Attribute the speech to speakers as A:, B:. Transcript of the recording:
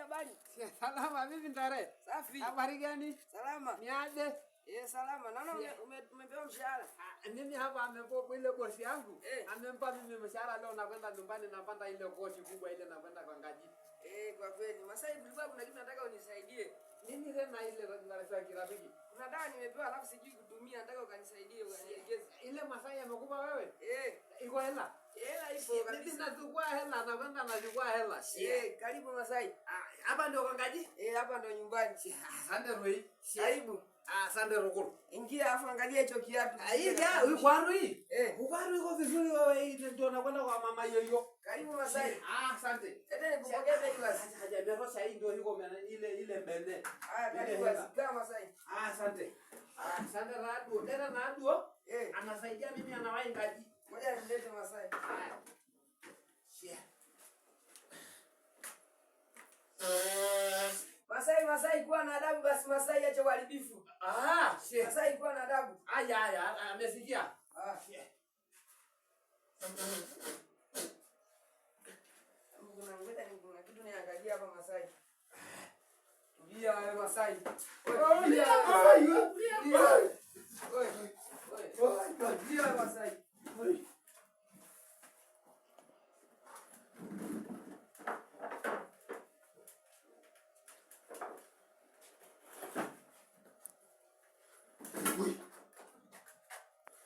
A: Habari, habari.
B: Eh, salama, vipi Ntare? Safi. Habari gani? Salama. Ni aje?
A: Eh, salama. Naona umepewa mshahara.
B: Ah, mimi hapa amepoa ile bosi yangu. Eh. Amempa mimi mshahara leo nakwenda nyumbani na panda ile koti kubwa ile na kwenda kwa ngaji.
A: Eh, kwa kweli. Masai, mlikuwa kuna kitu nataka unisaidie.
B: Nini tena ile tunaleta kirafiki?
A: Kuna dawa nimepewa alafu sijui kutumia, nataka ukanisaidie ukanielekeze.
B: Ile Masai amekupa wewe? Eh. Iko hela? Karibu Mimi nachukua hela na kwenda nachukua hela.
A: Eh, karibu Masai.
B: Ah, hapa ndio kangaji?
A: Eh, hapa ndio nyumbani.
B: Asante Rui. Karibu. Ah, asante Rukuru.
A: Ingia afu angalia hicho kiatu.
B: Ah, hii ya ukwaru hii. Eh, ukwaru iko vizuri wewe hii ndio nakwenda kwa mama yoyo.
A: Karibu Masai. Ah, asante. Ende nipokee bei basi.
B: Haja biashara hii ndio iko ile ile mbele.
A: Ah, karibu basi. Kama Masai.
B: Ah, asante.
A: Ah, asante Radu. Tena Radu. Eh, anasaidia mimi anawahi Masai Masai kuwa na adabu basi Masai acha uharibifu.
B: Ah, she.
A: Masai kuwa na adabu.
B: Aya aya, amesikia.
A: Ah, she. Mbona ngoja ni kuna kitu angalia hapa Masai.
B: Ndio Masai.
A: Ndio. Ndio.